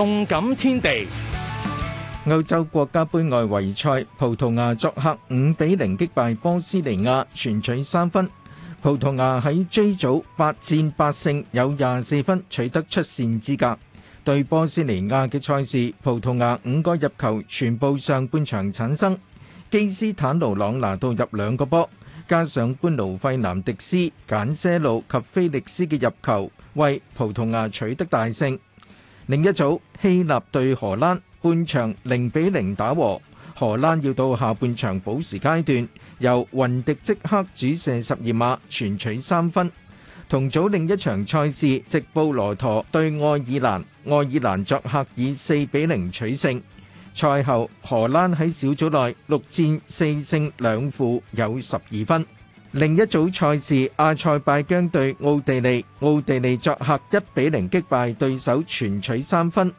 動感天地，歐洲國家杯外圍賽，葡萄牙作客五比零擊敗波斯尼亞，全取三分。葡萄牙喺 J 組八戰八勝，有廿四分取得出線資格。對波斯尼亞嘅賽事，葡萄牙五個入球全部上半場產生，基斯坦奴·朗拿度入兩個波，加上般奴費南迪斯、簡些路及菲力斯嘅入球，為葡萄牙取得大勝。另一組希臘對荷蘭半場零比零打和，荷蘭要到下半場補時階段，由雲迪積克主射十二碼全取三分。同組另一場賽事，直布羅陀對愛爾蘭，愛爾蘭作客以四比零取勝。賽後荷蘭喺小組內六戰四勝兩負，有十二分。另一組賽事，阿塞拜疆對奧地利，奧地利作客一比零擊敗對手，全取三分。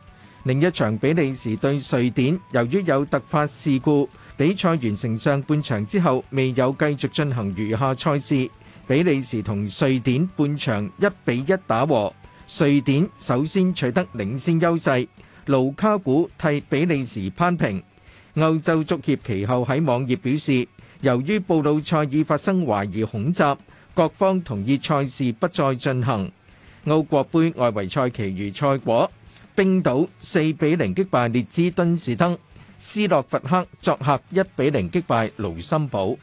另一場比利時對瑞典，由於有突發事故，比賽完成上半場之後，未有繼續進行餘下賽事。比利時同瑞典半場一比一打和，瑞典首先取得領先優勢，盧卡古替比利時扳平。歐洲足協其後喺網頁表示。由於布魯塞爾發生懷疑恐襲，各方同意賽事不再進行。歐國杯外圍賽其餘賽果：冰島四比零擊敗列支敦士登，斯洛伐克作客一比零擊敗盧森堡。